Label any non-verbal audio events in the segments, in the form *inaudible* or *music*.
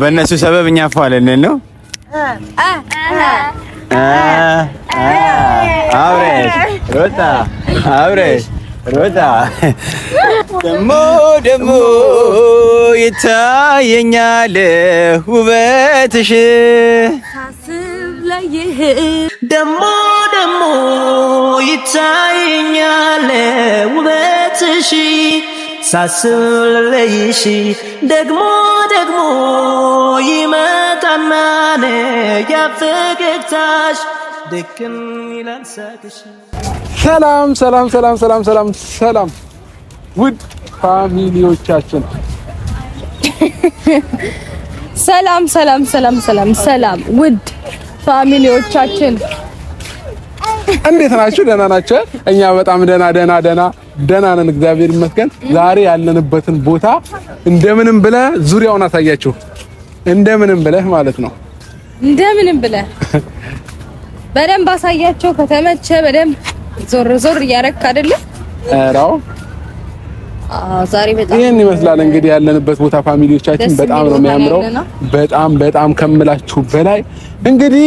በእነሱ ሰበብ እኛ ፏለን ነው። አብረሽ ሮጣ አብረሽ ሮጣ ደሞ ደሞ ይታየኛል ውበትሽ ደሞ ደሞ ይታየኛል ውበትሽ ሳስብ ልለይሽ ደግሞ ደግሞ ይመጣና ነ ያፈገግታሽ ድክም ይላል ሳቅሽ። ሰላም ሰላም ሰላም ሰላም ሰላም ሰላም ውድ ፋሚሊዎቻችን ሰላም ሰላም ሰላም ሰላም ሰላም ውድ ፋሚሊዎቻችን እንዴት ናችሁ? ደህና ናቸው። እኛ በጣም ደህና ደህና ደህና ደህና ነን፣ እግዚአብሔር ይመስገን። ዛሬ ያለንበትን ቦታ እንደምንም ብለህ ዙሪያውን አሳያችሁ። እንደምንም ብለህ ማለት ነው፣ እንደምንም ብለህ በደንብ አሳያቸው። ከተመቸ በደንብ ዞር ዞር እያደረክ አይደለ? አራው ዛሬ በጣም ይሄን ይመስላል እንግዲህ ያለንበት ቦታ። ፋሚሊዎቻችን በጣም ነው የሚያምረው። በጣም በጣም ከምላችሁ በላይ እንግዲህ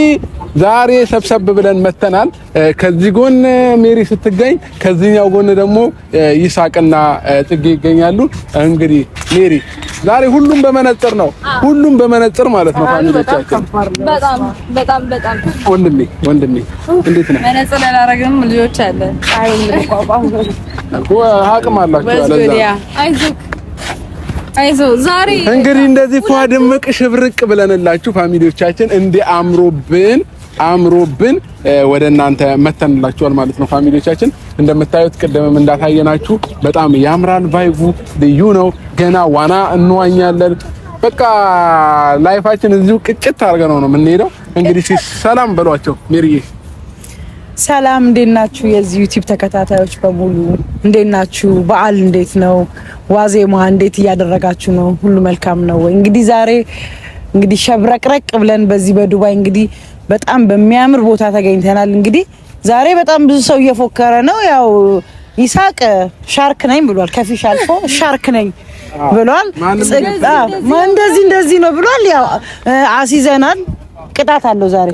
ዛሬ ሰብሰብ ብለን መተናል። ከዚህ ጎን ሜሪ ስትገኝ፣ ከዚህኛው ጎን ደግሞ ይሳቅና ጽጌ ይገኛሉ። እንግዲህ ሜሪ ዛሬ ሁሉም በመነጽር ነው፣ ሁሉም በመነጽር ማለት ነው። ፋሚሊዎቻችን በጣም በጣም በጣም ወንድሜ ወንድሜ እንዴት ነው? መነጽር አላደረግንም። ልጆች አለ አቅም አላችሁ አይዞህ ዛሬ እንግዲህ እንደዚህ ፏ ድምቅ ሽብርቅ ብለንላችሁ ፋሚሊዎቻችን እንዲህ አምሮብን አምሮብን ወደ እናንተ መተንላችኋል ማለት ነው። ፋሚሊዎቻችን እንደምታዩት ቅድምም እንዳታየናችሁ በጣም ያምራል። ቫይቡ ልዩ ነው። ገና ዋና እንዋኛለን። በቃ ላይፋችን እዚሁ ቅጭት አድርገነው ነው የምንሄደው። እንግዲህ ሰላም በሏቸው ሜሪዬ። ሰላም እንዴት ናችሁ? የዚህ ዩቲዩብ ተከታታዮች በሙሉ እንዴት ናችሁ? በዓል እንዴት ነው? ዋዜማ እንዴት እያደረጋችሁ ነው? ሁሉ መልካም ነው ወይ? እንግዲህ ዛሬ እንግዲህ ሸብረቅረቅ ብለን በዚህ በዱባይ እንግዲህ በጣም በሚያምር ቦታ ተገኝተናል። እንግዲህ ዛሬ በጣም ብዙ ሰው እየፎከረ ነው። ያው ይሳቅ ሻርክ ነኝ ብሏል። ከፊሽ አልፎ ሻርክ ነኝ ብሏል። እንደዚህ እንደዚህ ነው ብሏል። ያው አሲዘናል። ቅጣት አለው ዛሬ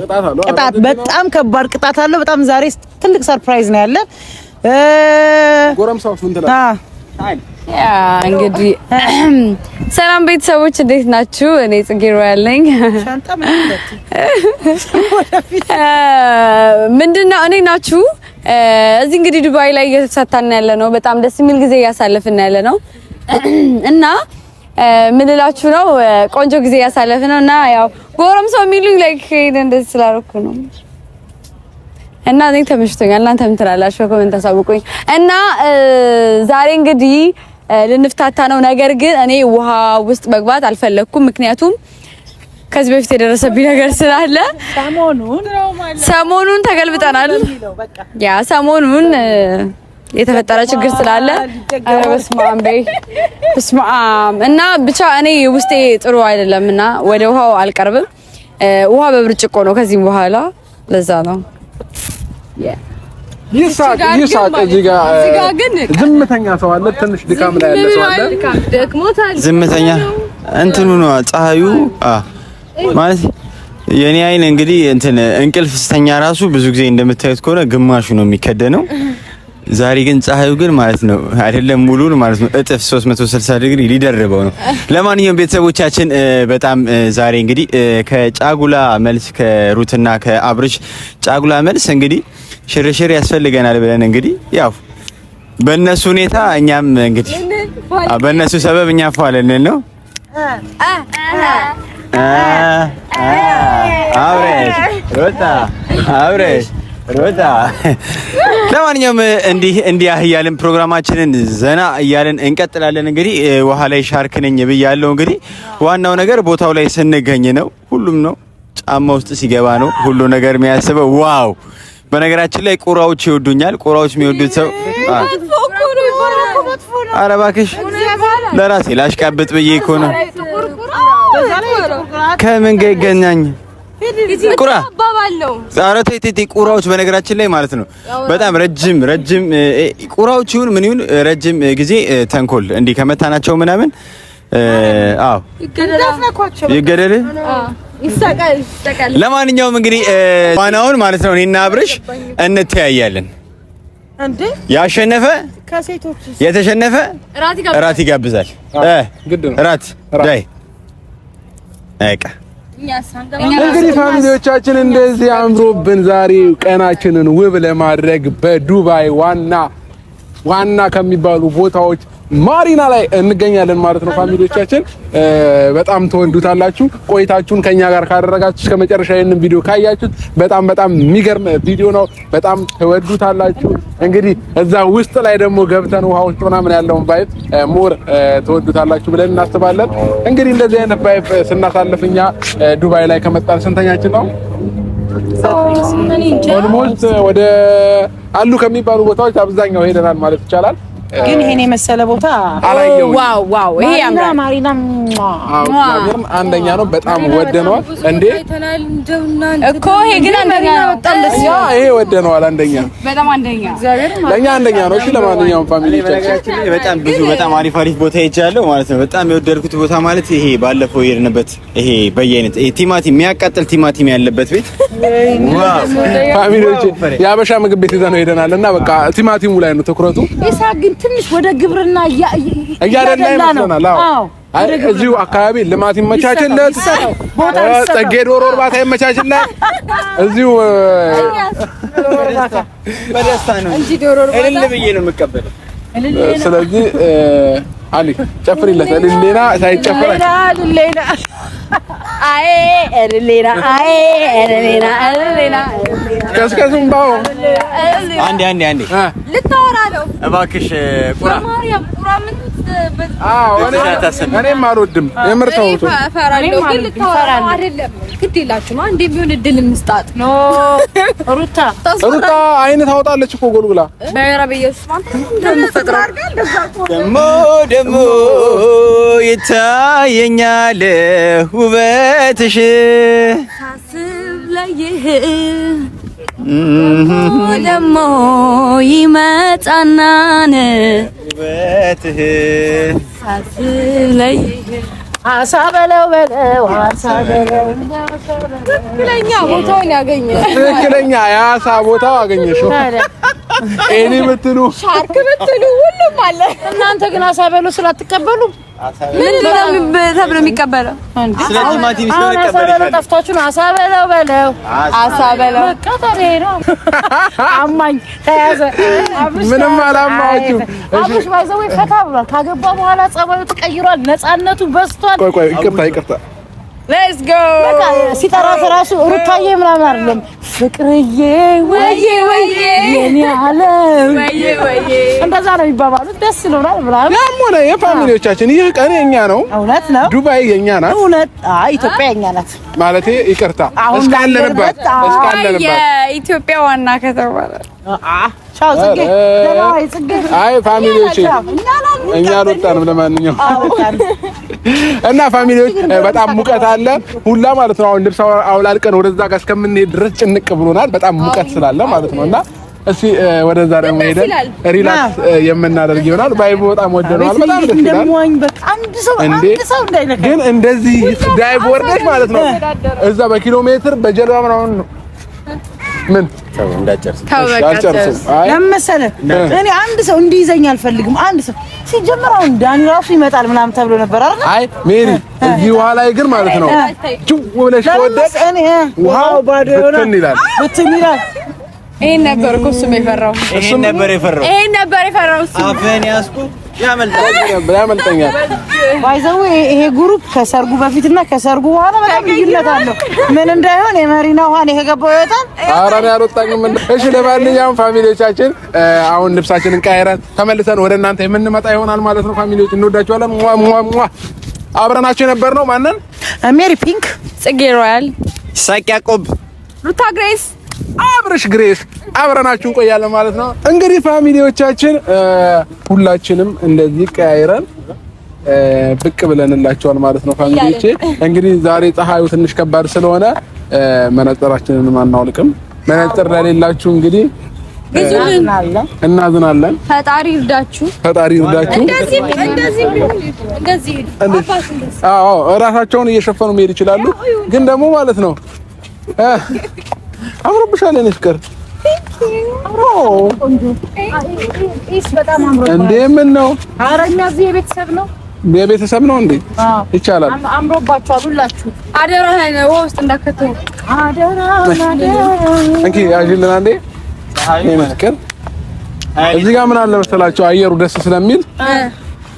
ቅጣት፣ በጣም ከባድ ቅጣት አለው። በጣም ዛሬ ትልቅ ሰርፕራይዝ ነው ያለን። ጎረምሳውስ ምን ትላለህ? ያ እንግዲህ *clears throat* ሰላም ቤተሰቦች እንዴት ናችሁ? እኔ ጽጌ ሮያል ነኝ። ምንድነው እኔ ናችሁ እዚህ እንግዲህ ዱባይ ላይ እየተሳታን ያለ ነው። በጣም ደስ የሚል ጊዜ እያሳለፍን ያለ ነው *clears throat* እና ምንላችሁ ነው ቆንጆ ጊዜ እያሳለፍን ነው እና ያው ጎረምሳው የሚሉኝ ላይክ እንደዚህ ስላደረኩ ነው እና እኔ ተመችቶኛል። እናንተ ምን ትላላችሁ? ኮሜንት አሳውቁኝ። እና ዛሬ እንግዲህ ልንፍታታ ነው። ነገር ግን እኔ ውሃ ውስጥ መግባት አልፈለኩም፣ ምክንያቱም ከዚህ በፊት የደረሰብኝ ነገር ስላለ ሰሞኑን ተገልብጠናል። ያ ሰሞኑን የተፈጠረ ችግር ስላለ አረ እና ብቻ እኔ ውስጤ ጥሩ አይደለም እና ወደ ውሃው አልቀርብም። ውሃ በብርጭቆ ነው ከዚህም በኋላ ለዛ ነው ይሳቅ ይሳቅ። እዚህ ጋር ዝምተኛ ሰው አለ፣ ትንሽ ድካም ላይ ያለ ሰው አለ። ዝምተኛ እንትኑ ነው ፀሐዩ ማለት የኔ አይን እንግዲህ እንትን እንቅልፍ ስተኛ ራሱ ብዙ ጊዜ እንደምታዩት ከሆነ ግማሹ ነው የሚከደነው ዛሬ ግን ፀሐዩ ግን ማለት ነው አይደለም ሙሉን ማለት ነው እጥፍ 360 ዲግሪ ሊደርበው ነው። ለማንኛውም ቤተሰቦቻችን በጣም ዛሬ እንግዲህ ከጫጉላ መልስ ከሩትና ከአብርሽ ጫጉላ መልስ እንግዲህ ሽርሽር ያስፈልገናል ብለን እንግዲህ ያው በእነሱ ሁኔታ እኛም እንግዲህ በእነሱ ሰበብ እኛ ፏለን ነው አብረሽ ሩታ አብረሽ ለማንኛውም እንዲህ እንዲህ እያልን ፕሮግራማችንን ዘና እያልን እንቀጥላለን። እንግዲህ ውሃ ላይ ሻርክ ነኝ ብያለሁ። እንግዲህ ዋናው ነገር ቦታው ላይ ስንገኝ ነው። ሁሉም ነው ጫማ ውስጥ ሲገባ ነው ሁሉ ነገር የሚያስበው። ዋው! በነገራችን ላይ ቁራዎች ይወዱኛል። ቁራዎች የሚወዱት ሰው ኧረ እባክሽ ለራሴ ላሽቃብጥ ብዬ እኮ ነው ከምን ገኛኝ ቁራ ኧረ ተይ ተይ ተይ ቁራዎች በነገራችን ላይ ማለት ነው በጣም ረጅም ረጅም ቁራዎች ይሁን ምን ይሁን ረጅም ጊዜ ተንኮል እንዲህ ከመታናቸው ምናምን አዎ ይገደል ለማንኛውም እንግዲህ ዋናውን ማለት ነው እኔና አብርሽ እንተያያለን ያሸነፈ የተሸነፈ እራት ይጋብዛል እራት ዳይ እንግዲህ ፋሚሊዎቻችን እንደዚህ አምሮብን ዛሬ ቀናችንን ውብ ለማድረግ በዱባይ ዋና ዋና ከሚባሉ ቦታዎች ማሪና ላይ እንገኛለን ማለት ነው። ፋሚሊዎቻችን በጣም ተወንዱታላችሁ። ቆይታችሁን ከኛ ጋር ካደረጋችሁ እስከ መጨረሻ ይህንን ቪዲዮ ካያችሁት በጣም በጣም የሚገርም ቪዲዮ ነው። በጣም ተወዱታላችሁ። እንግዲህ እዛ ውስጥ ላይ ደግሞ ገብተን ውሃ ውስጥ ምናምን ያለውን ቫይብ ሞር ተወዱታላችሁ ብለን እናስባለን። እንግዲህ እንደዚህ አይነት ቫይብ ስናሳልፍ እኛ ዱባይ ላይ ከመጣን ስንተኛችን ነው? ኦልሞስት ወደ አሉ ከሚባሉ ቦታዎች አብዛኛው ሄደናል ማለት ይቻላል። ግን ይሄን የመሰለ ቦታ ዋው ዋው! ይሄ ያምራል። ማሪናም አንደኛ ነው። በጣም ወደነዋል። እንዴ እኮ ይሄ ግን አንደኛ ያ ይሄ ወደነዋል። አንደኛ በጣም አንደኛ ለኛ አንደኛ ነው። እሺ ለማንኛውም ፋሚሊ በጣም ብዙ በጣም አሪፍ አሪፍ ቦታ ሄጃለሁ ማለት ነው። በጣም የወደድኩት ቦታ ማለት ይሄ ባለፈው የሄድንበት ይሄ በየአይነት ይሄ ቲማቲም የሚያቃጥል ቲማቲም ያለበት ቤት ፋሚሊዎች፣ የአበሻ ምግብ ቤት ይዘነው ሄደናል እና በቃ ቲማቲሙ ላይ ነው ትኩረቱ። ትንሽ ወደ ግብርና እያደላ ይመስለናል። እዚሁ አካባቢ ልማት ይመቻችለት፣ ጸጌ ዶሮ እርባታ ይመቻችለት። እዚሁ በደስታ ነው እንጂ ዶሮ እርባታ እልል ብዬ ነው የምቀበለው። ስለዚህ አሊ ጨፍሪለት። እልሌና ሳይጨፍር እልሌና አይ አይ ከስከሱም ባው አንዴ አንዴ አንዴ ልታወራ ነው ቁራ ማርያም ቁራ ምን እኔም አልወድም የምር ቢሆን ሩታ አይነት አውጣለች እኮ ጎልጉላ ደግሞ ይታየኛል ውበትሽ ሳስብ ለይህ ደግሞ ይመጣናን ውበትህ ሳስብ ለይህ አሳ በለው በለው አሳ በለው ትክክለኛ ቦታውን ያገኘ ትክክለኛ የአሳ ቦታው አገኘሽው። እኔ ብትሉ ሻርክ ብትሉ ሁሉም አለ። እናንተ ግን አሳ በሉ ስላትቀበሉ ምን ተብሎ የሚቀበለው? አሳ በለው አማኝ ተያዘ። ምንም አላማችሁም። አብሽ ባይዘው ፈታ ብሏል። ካገባ በኋላ ጸባዩ ተቀይሯል። ነፃነቱ በዝቷል። ቆይ ቆይ ይቅርታ ይቅርታ ሌትስ ጎ ሲጠራት እራሱ ሩታዬ ምናምን አይደለም፣ ፍቅርዬ ወዬ ወዬ የኔ ዓለም ወዬ ወዬ እንደዛ ነው የሚባባሉት። ደስ ይለውናል ምናምን። ያም ሆነ የፋሚሊዎቻችን ይህ ቀን የኛ ነው። እውነት ነው። ዱባይ የኛ ናት። እውነት። አይ ኢትዮጵያ የኛ ናት ማለቴ ይቅርታ፣ እስካለንባት እስካለንባት የኢትዮጵያ ዋና ከተማ ናት። ቻው ጽጌ። አይ ፋሚሊዎቼ እኛ አልወጣንም። ለማንኛውም እና ፋሚሊዎች በጣም ሙቀት አለ ሁላ ማለት ነው። አሁን ልብስ አውላልቀን ወደዛ ጋር እስከምንሄድ ድረስ ጭንቅ ብሎናል፣ በጣም ሙቀት ስላለ ማለት ነው እና እስቲ ወደዛ ደግሞ ሄደን ሪላክስ የምናደርግ ይሆናል። ባይቦ በጣም ወደነዋል። በጣም ደስ ይላል። ሰው ሰው አንድ እንዳይነካ ግን እንደዚህ ዳይቭ ወርደሽ ማለት ነው እዛ በኪሎ ሜትር በጀልባ ምናምን ምን እኔ አንድ ሰው እንዲይዘኝ አልፈልግም። አንድ ሰው አሁን ዳኒ ራሱ ይመጣል ምናምን ተብሎ ነበር አይደል? አይ ሜሪ፣ እዚህ ውሃ ላይ ግን ማለት ነው ብለሽ ወደቅ፣ ውሃው ባዶ ይሆናል ይላል። ይሄን ነበር እኮ እሱም የፈራው፣ ይሄን ነበር የፈራው፣ ይሄን ነበር የፈራው አፈን ያመልጠኛል። ባይዘው ይሄ ግሩፕ ከሰርጉ በፊትና ከሰርጉ በኋላ በጣም ልዩነት አለው። ምን እንዳይሆን የመሪና ውሃን የገባው ይወጣል። ኧረ እኔ አልወጣኝም። እሺ፣ ለማንኛውም ፋሚሊዎቻችን አሁን ልብሳችንን ቀይረን ተመልሰን ወደ እናንተ የምንመጣ ይሆናል ማለት ነው። ፋሚሊዎች እንወዳችኋለን። አብረናቸው የነበር ነው ማንን ሜሪ ፒንክ፣ ጽጌ ሮያል፣ ይሳቅ ያዕቆብ፣ ሩታ ግሬስ አብርሽ ግሬስ አብረናችሁ እንቆያለን ማለት ነው። እንግዲህ ፋሚሊዎቻችን ሁላችንም እንደዚህ ቀያይረን ብቅ ብለንላቸዋል ማለት ነው። ፋሚሊዎቼ እንግዲህ ዛሬ ፀሐዩ ትንሽ ከባድ ስለሆነ መነጽራችንን አናውልቅም። መነጽር ለሌላችሁ እንግዲህ እናዝናለን። ፈጣሪ ይርዳችሁ፣ ፈጣሪ ይርዳችሁ። እራሳቸውን እየሸፈኑ መሄድ ይችላሉ፣ ግን ደግሞ ማለት ነው አምሮብሻል የኔ ፍቅር። እንዴ ምን ነው? ኧረ እኛ እዚህ የቤተሰብ ነው የቤተሰብ ነው እንዴ? ይቻላል። አምሮባችኋል ሁላችሁ። አደራህን ውስጥ እንዳከተው አደራህን። እንኪ ያጅልና እንዴ ይመስከር። እዚህ ጋር ምን አለ መሰላችሁ አየሩ ደስ ስለሚል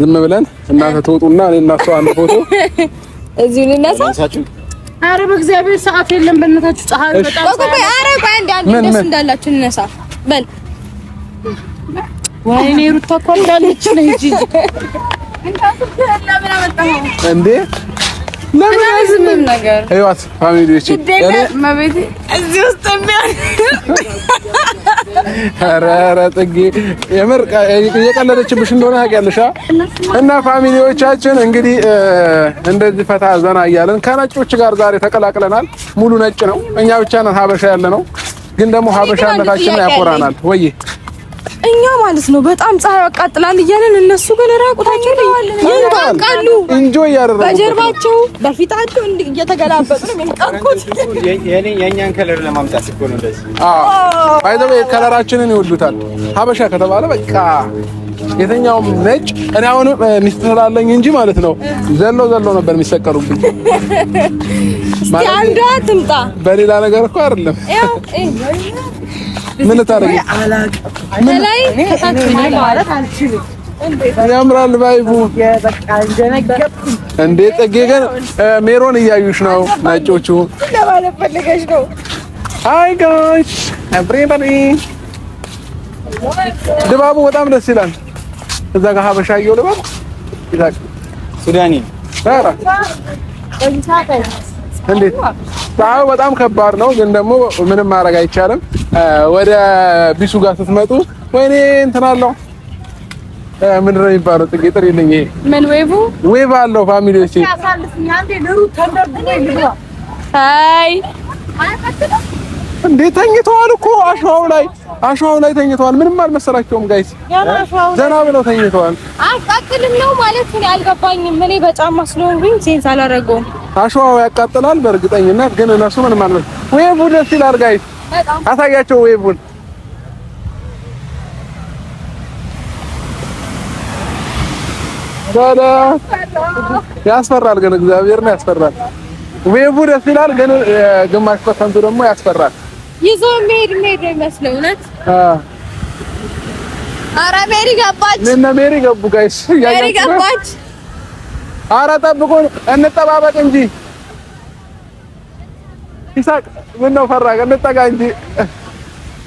ዝም ብለን እናንተ ትወጡና እኔ እና አንድ ፎቶ እዚሁ ልነሳ አረ በእግዚአብሔር ሰዓት የለም። በእናታችሁ ፀሐይ በጣም አረ ቆይ፣ አንድ አንድ እንደሱ እንዳላችሁ እንነሳ በል። ወይኔ ሩታ እኮ እንዳለች ነው እንጂ እንዴ ለምን ነገር ህይወት እዚህ ውስጥ ኧረ ኧረ ፅጌ የምር እየቀለደችብሽ እንደሆነ ታውቂያለሽ። እና ፋሚሊዎቻችን እንግዲህ እንደዚህ ፈታ ዘና እያለን ከነጮች ጋር ዛሬ ተቀላቅለናል። ሙሉ ነጭ ነው፣ እኛ ብቻ ነን ሀበሻ ያለ ነው። ግን ደግሞ ሀበሻነታችን ያኮራናል ወይ እኛ ማለት ነው በጣም ፀሐይ አቃጥላል እያለን እነሱ ግን ራቁታቸው ይንቃቃሉ። እንጆ ያደረጉ በጀርባቸው በፊታቸው እየተገላበጡ ነው የሚንቃቁት። የኔ የኛን ከለር ለማምጣት እኮ ነው እንደዚህ። አዎ አይደለም ከለራችንን ይወዱታል። ሀበሻ ከተባለ በቃ የተኛውም ነጭ። እኔ አሁን ሚስት ስላለኝ እንጂ ማለት ነው ዘሎ ዘሎ ነበር የሚሰቀሉብኝ። እስቲ አንዷ ትምጣ። በሌላ ነገር እኮ አይደለም ምን ታረጊ? ያምራል ባይቡ እንዴ! ጽጌ ግን ሜሮን እያዩሽ ነው። ነጮቹ ለማለት ፈልገሽ ነው። አይ ጋይስ ኤቭሪባዲ ድባቡ በጣም ደስ ይላል። እዛ ጋር ሀበሻ ሀበሻየው ድባቡ ይዛቅ ሱዳኒ ታራ እንዴት ጣው በጣም ከባድ ነው፣ ግን ደግሞ ምንም ማድረግ አይቻልም። ወደ ቢሱ ጋር ስትመጡ ወይኔ እንትን አለው ምንድን ነው የሚባለው? ጥጌ ጥሪልኝ። ምን ዌቡ ዌብ አለው ፋሚሊዎቼ እንዴት ተኝተዋል እኮ አሸዋው ላይ አሸዋው ላይ ተኝተዋል። ምንም አልመሰላቸውም ጋይስ፣ ዘና ብለው ተኝተዋል። አቃጥልም ነው ማለት ነው ያልገባኝም። እኔ በጫማ ስለሆንኩኝ ሴንስ አላደረገውም። አሸዋው ያቃጥላል በእርግጠኝነት ግን እነሱ ምንም አልመሰል። ዌቡ ደስ ይላል ጋይስ፣ አሳያቸው ዌቡን ያስፈራል ግን እግዚአብሔር ነው ያስፈራል። ዌቡ ደስ ይላል ግን ግማሽ ፐርሰንቱ ደግሞ ያስፈራል። ይዞ መሄድ መሄድ ነው እውነት ኧረ ሜሪ ገባች፣ እነ ሜሪ ገቡ። ጋይስ ሜሪ ገባች። ኧረ ጠብቁን፣ እንጠባበቅ እንጂ ይሳቅ። ምነው ፈራህ? እንጠጋ እንጂ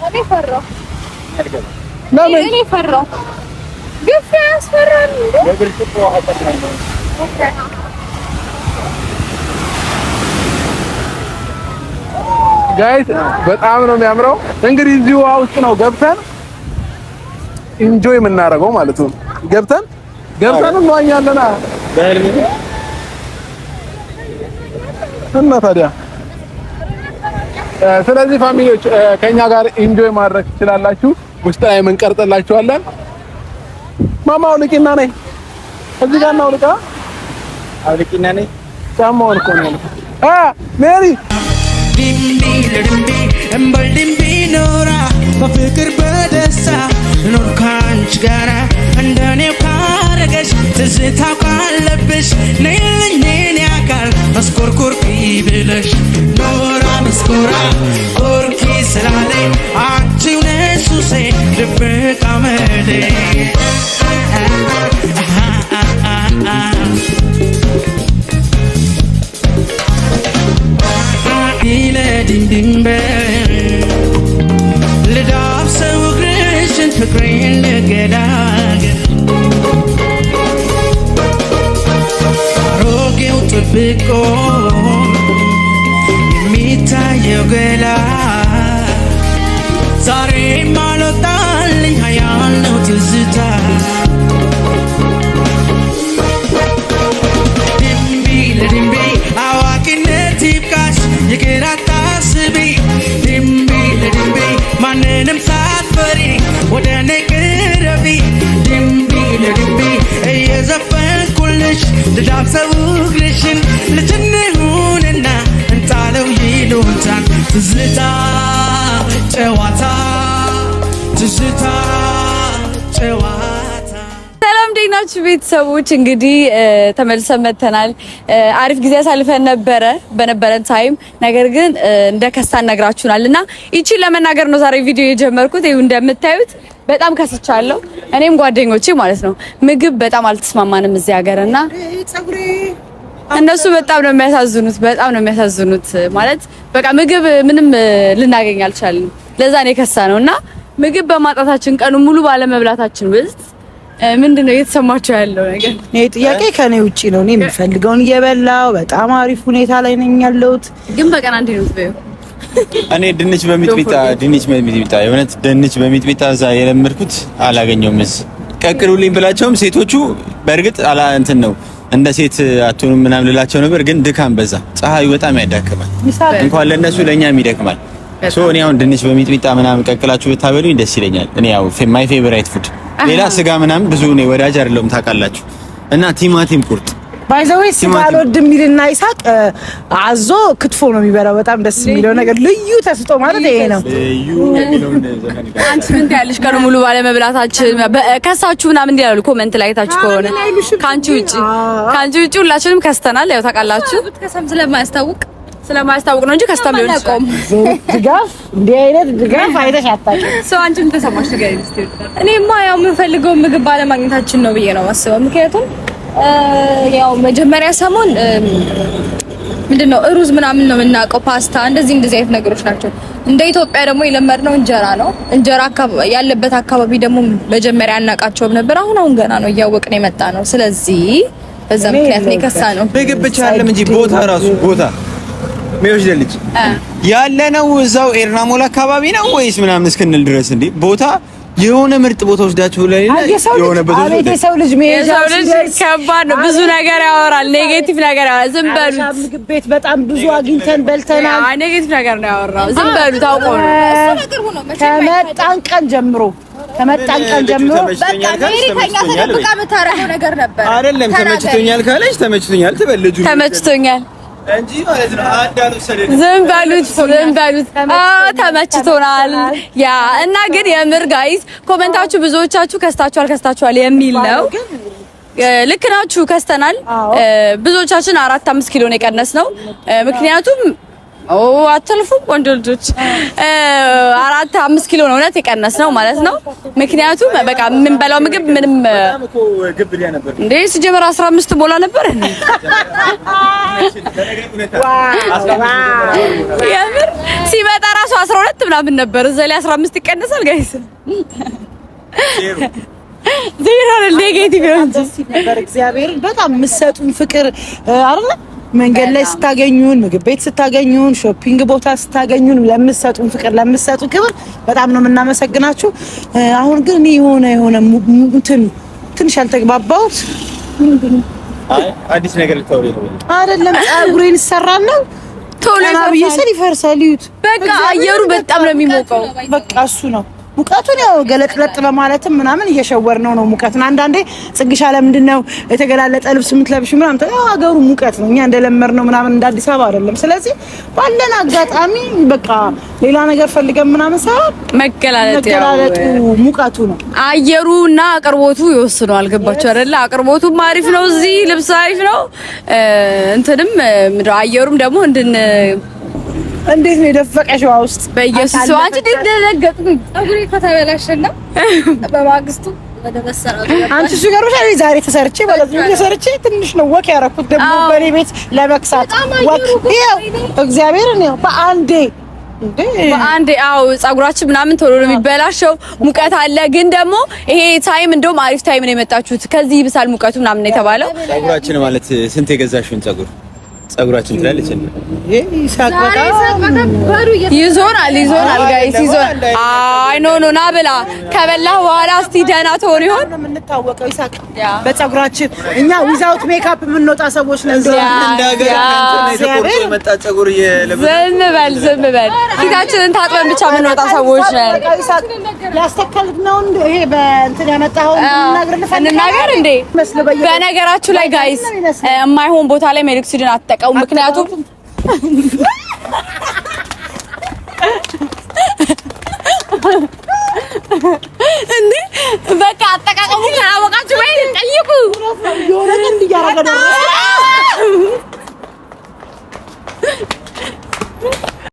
እኔ ፈራሁ። ለምን እኔ ፈራሁ? ግፍ ያስፈራል። ጋይስ በጣም ነው የሚያምረው። እንግዲህ እዚህ ውሃ ውስጥ ነው ገብተን ኢንጆይ የምናደርገው ማለት ነው። ገብተን ገብተን እንዋኛለና እና ታዲያ ስለዚህ ፋሚሊዎች ከኛ ጋር ኢንጆይ ማድረግ ትችላላችሁ። ውስጥ ላይ የምንቀርጥላችኋለን። ማማ አውልቂና ነኝ እዚህ ጋር እናውልቃ። አውልቂና ነኝ ጫማውን እኮ ነው ሜሪ ድንቢ ለድንቢ እምበል ድንቢ ኖራ በፍቅር በደስታ ኖር ካንች ጋራ እንደኔ ካረገሽ ትዝታ ካለብሽ ነይልኝ የኔ አካል መስኮርኮርኪ ብለሽ ኖራ መስኮራ ኮርኪ ስላለኝ አንቺው ነሱሴ ድብቅ አመሌ ልዳብሰው እግርሽን ፍቅሬን ልገላገል ጥብቆ የሚታየው ገላ ዛሬም አልወጣልኝ ትዝ ልዳብሰው እግርሽን ልጅንሁንና እንጣለው ይሉንታን ትዝታ ጨዋታ ትዝታ ጨዋታ። ናችሁ ቤተሰቦች? እንግዲህ ተመልሰን መተናል። አሪፍ ጊዜ አሳልፈን ነበረ በነበረን ታይም። ነገር ግን እንደ ከስታ ነግራችሁናል እና ይቺን ለመናገር ነው ዛሬ ቪዲዮ የጀመርኩት። ይኸው እንደምታዩት በጣም ከስቻለሁ። እኔም ጓደኞቼ ማለት ነው። ምግብ በጣም አልተስማማንም እዚህ ሀገር እና እነሱ በጣም ነው የሚያሳዝኑት። በጣም ነው የሚያሳዝኑት ማለት በቃ ምግብ ምንም ልናገኝ አልቻልንም። ለዛ ነው የከሳ ነው እና ምግብ በማጣታችን ቀኑ ሙሉ ባለመብላታችን ውስጥ ነው እየተሰማቸው ያለው ነገር? እኔ ጥያቄ ከኔ ውጪ ነው። እኔ የምፈልገውን እየበላው በጣም አሪፍ ሁኔታ ላይ ነኝ ያለሁት፣ ግን በቀን አንዴ ነው እኔ ድንች በሚጥሚጣ ድንች በሚጥሚጣ የእውነት ድንች በሚጥሚጣ እዛ የለመድኩት አላገኘውም። እዚህ ቀቅሉልኝ ብላቸውም ሴቶቹ በእርግጥ አላ እንትን ነው እንደ ሴት አትሆኑም ምናምን ልላቸው ነበር፣ ግን ድካም በዛ። ፀሐዩ በጣም ያዳክማል። እንኳን ለእነሱ ለእኛም ይደክማል። ሶ እኔ አሁን ድንች በሚጥሚጣ ምናምን ቀቅላችሁ ብታበሉኝ ደስ ይለኛል። እኔ ያው ማይ ፌቨራይት ፉድ ሌላ ስጋ ምናምን ብዙ እኔ ወዳጅ አይደለሁም ታውቃላችሁ። እና ቲማቲም ቁርጥ ባይዘዌ ስጋ አልወድም ይልና ይሳቅ አዞ ክትፎ ነው የሚበላው። በጣም ደስ የሚለው ነገር ልዩ ተስጦ ማለት ይሄ ነው። አንቺ ምን ትያለሽ? ቀኑ ሙሉ ባለመብላታችን ከሳችሁ ምናምን እንዲህ አሉ ኮመንት ላይ ታችሁ ከሆነ ከአንቺ ውጪ ከአንቺ ውጪ ሁላችንም ከስተናል። ያው ታውቃላችሁ ስለማያስታውቅ ስለማያስታውቅ ነው እንጂ ከስተም ሊሆን ይችላል። ድጋፍ እንዲህ አይነት ድጋፍ አይተሽ አታውቂም። ሰው አንቺም ተሰማሽ? እኔማ ያው የምንፈልገውን ምግብ ባለማግኘታችን ነው ብዬ ነው የማስበው ምክንያቱም ያው መጀመሪያ ሰሞን ምንድነው ሩዝ ምናምን ነው የምናውቀው፣ ፓስታ እንደዚህ እንደዚህ አይነት ነገሮች ናቸው። እንደ ኢትዮጵያ ደግሞ የለመድነው እንጀራ ነው። እንጀራ ያለበት አካባቢ ደግሞ መጀመሪያ አናውቃቸውም ነበር። አሁን አሁን ገና ነው እያወቅን የመጣ ነው። ስለዚህ በዛ ምክንያት ነው የከሳ ነው። ምግብ ብቻ እንጂ ቦታ ራሱ ቦታ ሜዎች ደልጅ ያለነው እዛው ኤርናሞል አካባቢ ነው ወይስ ምናምን እስክንል ድረስ እንዴ ቦታ የሆነ ምርጥ ቦታ ወስዳችሁ ለሌላ የሆነ ቦታ ወስዳችሁ የሰው ልጅ ከባድ ነው። ብዙ ነገር ያወራል፣ ኔጌቲቭ ነገር ያወራል። ዝም በሉ። ምግብ ቤት በጣም ብዙ አግኝተን በልተናል። አይ ኔጌቲቭ ነገር ነው ያወራው። ዝም በሉ። ታውቆ ነው ከመጣን ቀን ጀምሮ ከመጣን ቀን ጀምሮ በቃ ሜሪታኛ ተደብቃ የምታረገው ነገር ነበር አይደለም። ተመችቶኛል ካለች ተመችቶኛል ትበል ልጁ ተመችቶኛል ዝም በሉት ዝም በሉት። ተመችቶናል። ያ እና ግን የምር ጋይዝ ኮመንታችሁ ብዙዎቻችሁ ከስታችኋል ከስታችኋል የሚል ነው። ልክ ናችሁ፣ ከስተናል። ብዙዎቻችን አራት አምስት ኪሎ ነው የቀነስ ነው ምክንያቱም ኦ አትልፉ ወንድ ልጆች አራት አምስት ኪሎ ነው እውነት የቀነስ ነው ማለት ነው። ምክንያቱም በቃ የምንበላው ምግብ ምንም እንደ ሲጀመር 15 ሞላ ነበር። የምር ሲመጣ ራሱ 12 ምናምን ነበር። እዛ ላይ 15 ይቀነሳል ጋይስ ዜሮ ኔጌቲቭ ነው እንጂ ነበር። እግዚአብሔር በጣም የምትሰጡን ፍቅር አይደል መንገድ ላይ ስታገኙን፣ ምግብ ቤት ስታገኙን፣ ሾፒንግ ቦታ ስታገኙን ለምትሰጡን ፍቅር ለምትሰጡ ክብር በጣም ነው የምናመሰግናችሁ። አሁን ግን እኔ የሆነ የሆነ እንትን ትንሽ ያልተግባባውት አዲስ ነገር አይደለም? ፀጉሬን ይሰራና ነው ስል ይፈርሳል። ይዩት በቃ አየሩ በጣም ነው የሚሞቀው። በቃ እሱ ነው ሙቀቱን ያው ገለጥለጥ በማለትም ምናምን እየሸወር ነው ነው ሙቀቱን። አንዳንዴ ጽግሻ ለምንድን ነው የተገላለጠ ልብስ የምትለብሽ ምናምን? ያው ሀገሩ ሙቀት ነው፣ እኛ እንደለመር ነው ምናምን እንደ አዲስ አበባ አይደለም። ስለዚህ ባለን አጋጣሚ በቃ ሌላ ነገር ፈልገን ምናምን ሰ መገላለጡ ሙቀቱ ነው። አየሩና እና አቅርቦቱ ይወስነው። አልገባቸው አይደለ? አቅርቦቱም አሪፍ ነው፣ እዚህ ልብስ አሪፍ ነው፣ እንትንም አየሩም ደግሞ እንድን እንዴት ነው የደፈቀሽ ውሃ ውስጥ? በኢየሱስ ሰው አንቺ እንዴት ደነገጥኩኝ። ፀጉሬ ከተበላሸና በማግስቱ አንቺ እሱ ገሮሽ አይደል? ዛሬ ተሰርቼ ማለት ነው ተሰርቼ ትንሽ ነው ወክ ያረኩት ደግሞ በኔ ቤት ለመክሳት ወክ። ይሄ እግዚአብሔር ነው በአንዴ በአንዴ አው ፀጉራችን ምናምን ቶሎ ነው የሚበላሸው። ሙቀት አለ ግን ደግሞ ይሄ ታይም እንደውም አሪፍ ታይም ነው የመጣችሁት። ከዚህ ይብሳል ሙቀቱ ምናምን ነው የተባለው። ፀጉራችን ማለት ስንት የገዛሽውን ፀጉር ጸጉራችን ትላለች እንዴ? ይዞራል ይዞራል፣ ጋይስ ይዞራል። አይ ኖ ኖ ና ብላ ከበላህ በኋላ እስቲ ደህና ትሆን ይሆን? የምንታወቀው ይሳቅ በጸጉራችን። እኛ ዊዛውት ሜካፕ የምንወጣ ሰዎች ነን። ዝም በል ዝም በል፣ ፊታችንን ታጥበን ብቻ የምንወጣ ሰዎች ነን። እንደ ይሄ በእንትን ያመጣኸውን እንናገር እንዴ? በነገራችሁ ላይ ጋይስ የማይሆን ቦታ ላይ ሜዶክሲድን አትጠቀሙ። አላውቀው። ምክንያቱም እንዴ በቃ አጠቃቀሙ ካላወቃችሁ ወይ ጠይቁ።